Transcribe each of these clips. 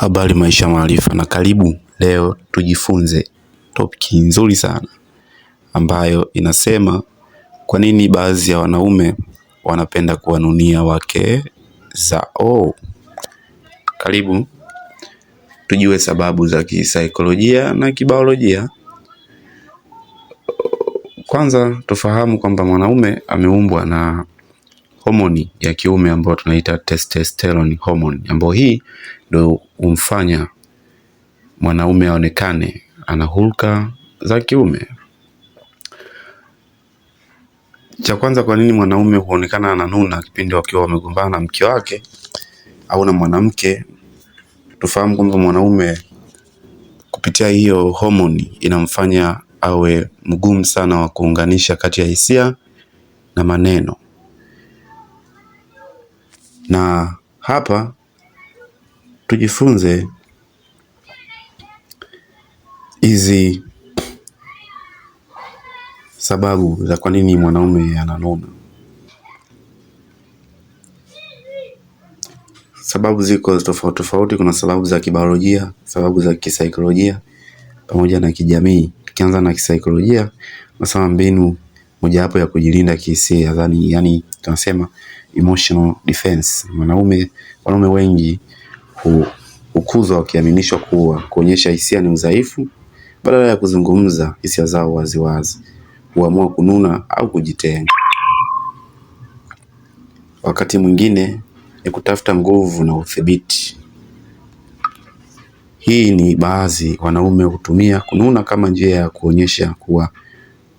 Habari, maisha, maarifa na karibu. Leo tujifunze topic nzuri sana ambayo inasema kwa nini baadhi ya wanaume wanapenda kuwanunia wake zao. Karibu tujue sababu za kisaikolojia na kibiolojia. Kwanza tufahamu kwamba mwanaume ameumbwa na homoni ya kiume ambayo tunaita testosterone hormone, ambayo hii ndio humfanya mwanaume aonekane ana hulka za kiume. Cha kwanza, kwa nini mwanaume huonekana ananuna kipindi wakiwa wamegombana na mke wake au na mwanamke? Tufahamu kwamba mwanaume kupitia hiyo homoni inamfanya awe mgumu sana wa kuunganisha kati ya hisia na maneno na hapa tujifunze hizi sababu za kwa nini mwanaume ananona. Sababu ziko tofauti tofauti. Kuna sababu za kibiolojia, sababu za kisaikolojia pamoja na kijamii. ikianza na kisaikolojia, nasema mbinu mojawapo ya kujilinda kihisia, yani yaani tunasema emotional defense. Wanaume wanaume wengi hukuzwa wakiaminishwa kuwa kuonyesha hisia ni udhaifu, badala ya kuzungumza hisia zao waziwazi, huamua kununa au kujitenga. Wakati mwingine ni kutafuta nguvu na udhibiti. Hii ni baadhi wanaume hutumia kununa kama njia ya kuonyesha kuwa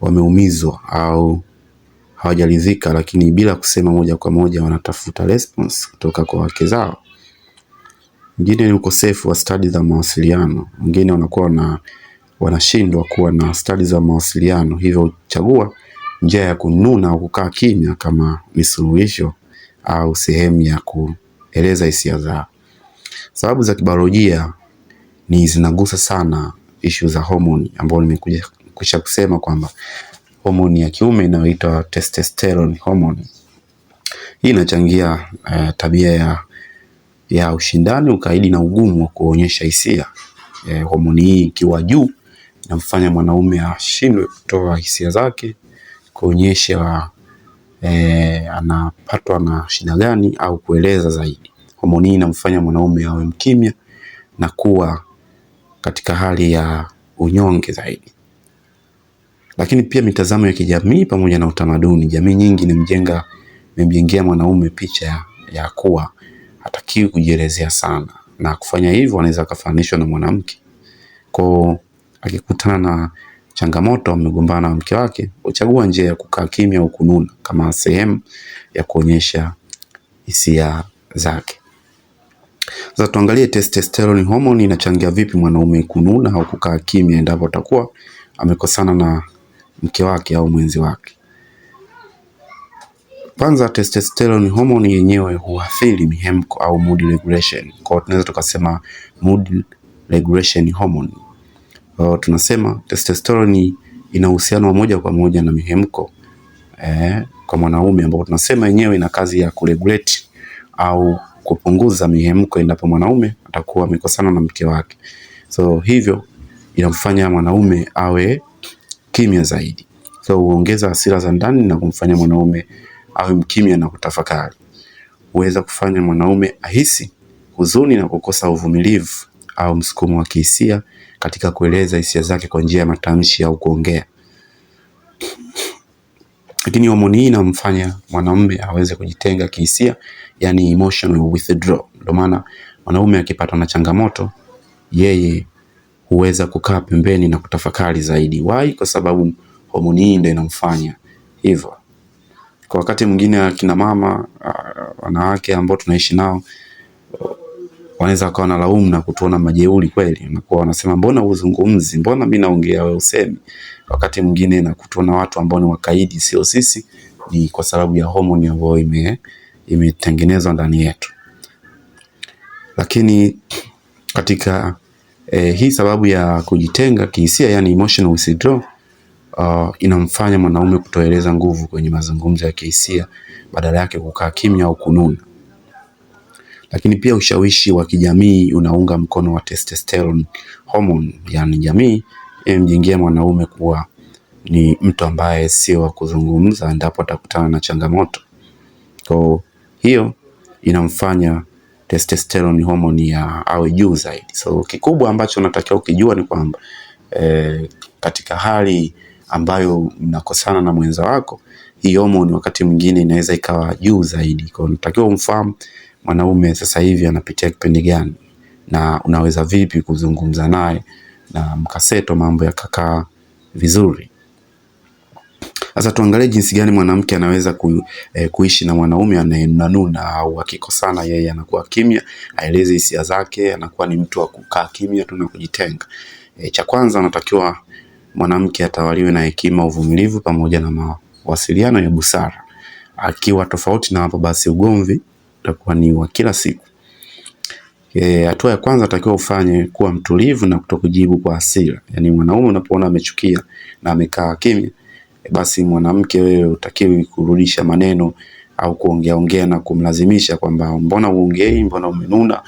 wameumizwa au hawajaridhika, lakini bila kusema moja kwa moja wanatafuta response kutoka kwa wake zao. Wengine ni ukosefu wa stadi za mawasiliano, wengine wanakuwa na wanashindwa kuwa na stadi za mawasiliano, hivyo chagua njia ya kununa au kukaa kimya kama ni suluhisho au sehemu ya kueleza hisia zao. Sababu za kibiolojia ni zinagusa sana ishu za homoni, ambao nimekuja kusema kwamba homoni ya kiume inayoitwa testosterone hormone. Hii inachangia uh, tabia ya, ya ushindani, ukaidi na ugumu wa kuonyesha hisia. Eh, homoni hii ikiwa juu inamfanya mwanaume ashindwe kutoa hisia zake, kuonyesha eh, anapatwa na shida gani au kueleza zaidi. Homoni hii inamfanya mwanaume awe mkimya na kuwa katika hali ya unyonge zaidi lakini pia mitazamo ya kijamii pamoja na utamaduni. Jamii nyingi nimjenga nimjengea mwanaume picha ya, ya kuwa hatakiwi kujielezea sana, na kufanya hivyo anaweza akafananishwa na mwanamke. Kwa akikutana na changamoto, amegombana na mke wake, huchagua njia ya kukaa kimya au kununa kama sehemu ya kuonyesha hisia zake. Sasa tuangalie testosterone hormone inachangia vipi mwanaume kununa au kukaa kimya endapo atakuwa amekosana na mke wake au mwenzi wake. Kwanza, testosterone hormone yenyewe huathiri mihemko au mood regulation. Kwa hiyo tunaweza tukasema mood regulation hormone. hiyo tunasema testosterone ina uhusiano wa moja kwa moja na mihemko eh, kwa mwanaume ambapo tunasema yenyewe ina kazi ya kuregulate au kupunguza mihemko endapo mwanaume atakuwa amekosana na mke wake. So hivyo inamfanya mwanaume awe kimya zaidi. So huongeza hasira za ndani na kumfanya mwanaume awe mkimya na kutafakari. Huweza kufanya mwanaume ahisi huzuni na kukosa uvumilivu au msukumo wa kihisia katika kueleza hisia zake kwa njia ya matamshi au kuongea. Lakini homoni hii inamfanya mwanaume aweze kujitenga kihisia, yani emotional withdrawal. Ndio maana mwanaume akipatwa na changamoto yeye huweza kukaa pembeni na kutafakari zaidi. Why? Kwa sababu homoni hii ndio inamfanya hivyo. Kwa wakati mwingine akina mama wanawake ambao tunaishi nao wanaweza wakawa na laumu na kutuona majeuri kweli, na wanasema mbona uzungumzi, mbona mimi naongea wewe usemi. Wakati mwingine na kutuona watu ambao ni wakaidi, sio sisi, ni kwa sababu ya homoni ambayo ime imetengenezwa ndani yetu, lakini katika E, hii sababu ya kujitenga kihisia, yani emotional withdrawal uh, inamfanya mwanaume kutoeleza nguvu kwenye mazungumzo ya kihisia, badala yake kukaa kimya au kununa. Lakini pia ushawishi wa kijamii unaunga mkono wa testosterone hormone, yani jamii imemjengea mwanaume kuwa ni mtu ambaye sio wa kuzungumza endapo atakutana na changamoto. Kwa hiyo inamfanya testosterone homoni ya awe juu zaidi. So kikubwa ambacho unatakiwa ukijua ni kwamba e, katika hali ambayo mnakosana na mwenza wako, hii homoni wakati mwingine inaweza ikawa juu zaidi. Kwa hiyo unatakiwa umfahamu mwanaume sasa hivi anapitia kipindi gani na unaweza vipi kuzungumza naye na mkaseto mambo yakakaa vizuri. Sasa tuangalie jinsi gani mwanamke anaweza ku, eh, kuishi na mwanaume anayenanuna au akikosana yeye anakuwa kimya, aeleze hisia zake, anakuwa ni mtu wa kukaa kimya tu na kujitenga. Eh, cha kwanza anatakiwa mwanamke atawaliwe na hekima, uvumilivu pamoja na mawasiliano ya busara. Akiwa tofauti na hapo, basi ugomvi utakuwa ni wa kila siku. Eh, hatua e, ya kwanza atakiwa ufanye kuwa mtulivu na kutokujibu kwa hasira. Yaani mwanaume unapoona amechukia na amekaa kimya, basi mwanamke wewe utakiwi kurudisha maneno au kuongea ongea na kumlazimisha kwamba mbona uongei, mbona umenuna,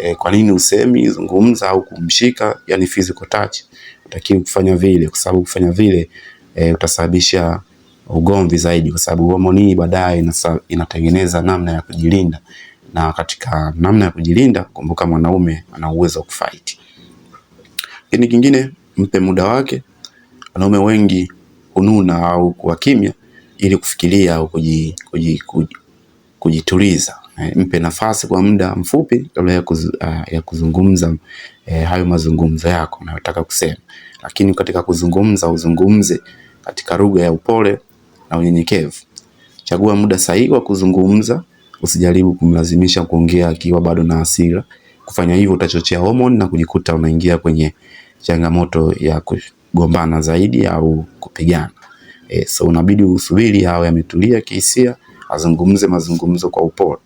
e, kwa nini usemi, zungumza au kumshika, yani physical touch. Utakiwi kufanya vile, kwa sababu kufanya vile e, utasababisha ugomvi zaidi, kwa sababu homoni hii baadaye inatengeneza namna ya kujilinda, na katika namna ya kujilinda, kumbuka mwanaume ana uwezo wa kufight. kingine, mpe muda wake. Wanaume wengi kununa au kuwa kimya ili kufikiria au kujituliza kuji, kuji, kujituliza eh, mpe nafasi kwa muda mfupi kabla ya, kuz, uh, ah, ya kuzungumza eh, hayo mazungumzo yako unayotaka kusema. Lakini katika kuzungumza uzungumze katika lugha ya upole na unyenyekevu. Chagua muda sahihi wa kuzungumza, usijaribu kumlazimisha kuongea akiwa bado na hasira. Kufanya hivyo utachochea homoni na kujikuta unaingia kwenye changamoto ya kugombana zaidi au kupigana. E, so unabidi usubiri hao yametulia kihisia, azungumze mazungumzo kwa upole.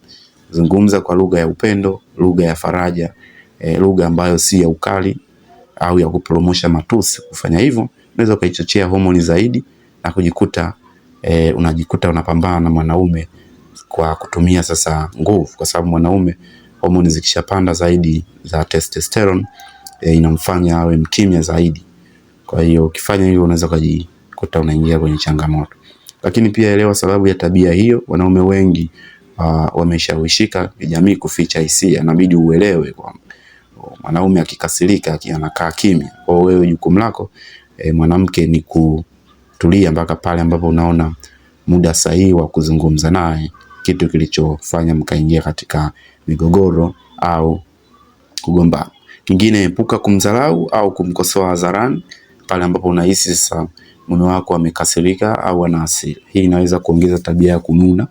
Zungumza kwa lugha ya upendo, lugha ya faraja, e, lugha ambayo si ya ukali au ya kupromosha matusi. Kufanya hivyo unaweza ukaichochea homoni zaidi na kujikuta e, unajikuta unapambana na mwanaume kwa kutumia sasa nguvu, kwa sababu mwanaume homoni zikishapanda zaidi za testosterone e, inamfanya awe mkimya zaidi. Kwa hiyo ukifanya hivyo unaweza kujikuta unaingia kwenye changamoto. Lakini pia elewa sababu ya tabia hiyo. Wanaume wengi uh, wameshawishika jamii kuficha hisia. Inabidi uelewe kwamba oh, mwanaume akikasirika anakaa kimya. Kwa hiyo wewe jukumu lako e, mwanamke ni kutulia mpaka pale ambapo unaona muda sahihi wa kuzungumza naye, kitu kilichofanya mkaingia katika migogoro au kugombana. Kingine, epuka kumdharau au kumkosoa hadharani pale ambapo unahisi sasa mume wako amekasirika au ana hasira. Hii inaweza kuongeza tabia ya kununa.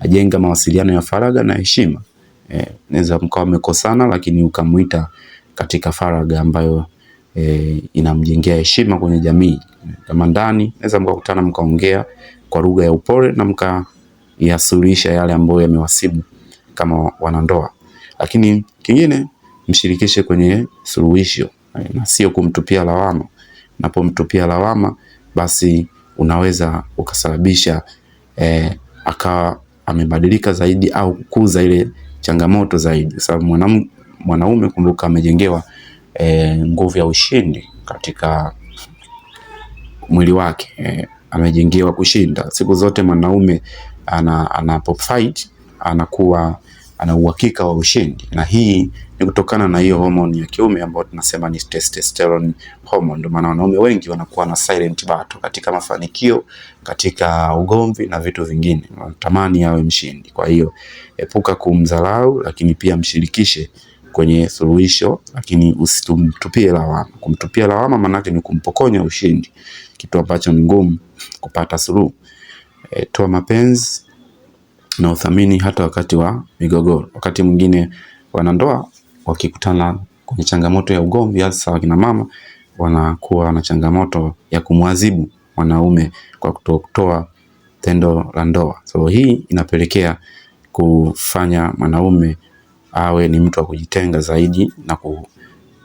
Ajenga mawasiliano ya faraga na heshima. Eh, naweza mkawa mmekosana lakini ukamwita katika faraga ambayo eh, inamjengea heshima kwenye jamii. Kama ndani naweza mkakutana mkaongea kwa lugha ya upole na mkayasuluhisha yale ambayo yamewasibu kama wanandoa. Lakini kingine mshirikishe kwenye suluhisho eh, na sio kumtupia lawama napomtupia lawama, basi unaweza ukasababisha eh, akawa amebadilika zaidi au kukuza ile changamoto zaidi, kwa sababu mwanaume, kumbuka, amejengewa eh, nguvu ya ushindi katika mwili wake eh, amejengewa kushinda siku zote. Mwanaume anapofight ana anakuwa ana uhakika wa ushindi, na hii ni kutokana na hiyo homoni ya kiume ambayo tunasema ni testosterone hormone. Ndio maana wanaume wengi wanakuwa na silent battle katika mafanikio, katika ugomvi na vitu vingine, wanatamani awe mshindi. Kwa hiyo epuka kumdharau, lakini pia mshirikishe kwenye suluhisho, lakini usitumtupie lawama. Kumtupia lawama maanake ni kumpokonya ushindi, kitu ambacho ni ngumu kupata suluhu. E, toa mapenzi na uthamini hata wakati wa migogoro. Wakati mwingine wanandoa wakikutana kwenye changamoto ya ugomvi, hasa wakina mama wanakuwa na changamoto ya kumwadhibu mwanaume kwa kutotoa tendo la ndoa. So hii inapelekea kufanya mwanaume awe ni mtu wa kujitenga zaidi na, ku,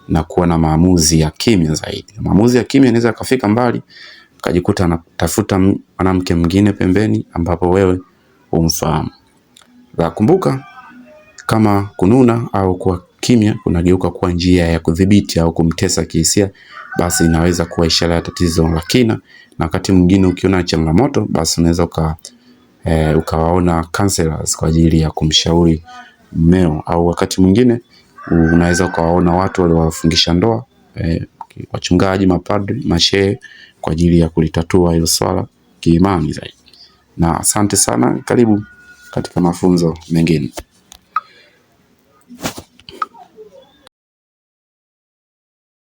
na kuwa na maamuzi ya kimya zaidi. Maamuzi ya kimya inaweza akafika mbali akajikuta anatafuta mwanamke mwingine pembeni, ambapo wewe umfahamu. Kumbuka kama kununa au kuwa kimya kunageuka kuwa njia ya kudhibiti au kumtesa kihisia, basi inaweza kuwa ishara ya tatizo la kina. Na wakati mwingine ukiona changamoto, basi unaweza uka, e, ukawaona counselors kwa ajili ya kumshauri mmeo, au wakati mwingine unaweza ukawaona watu waliowafungisha ndoa e, wachungaji, mapadri, mashehe kwa ajili ya kulitatua hilo swala kiimani zaidi na asante sana. Karibu katika mafunzo mengine.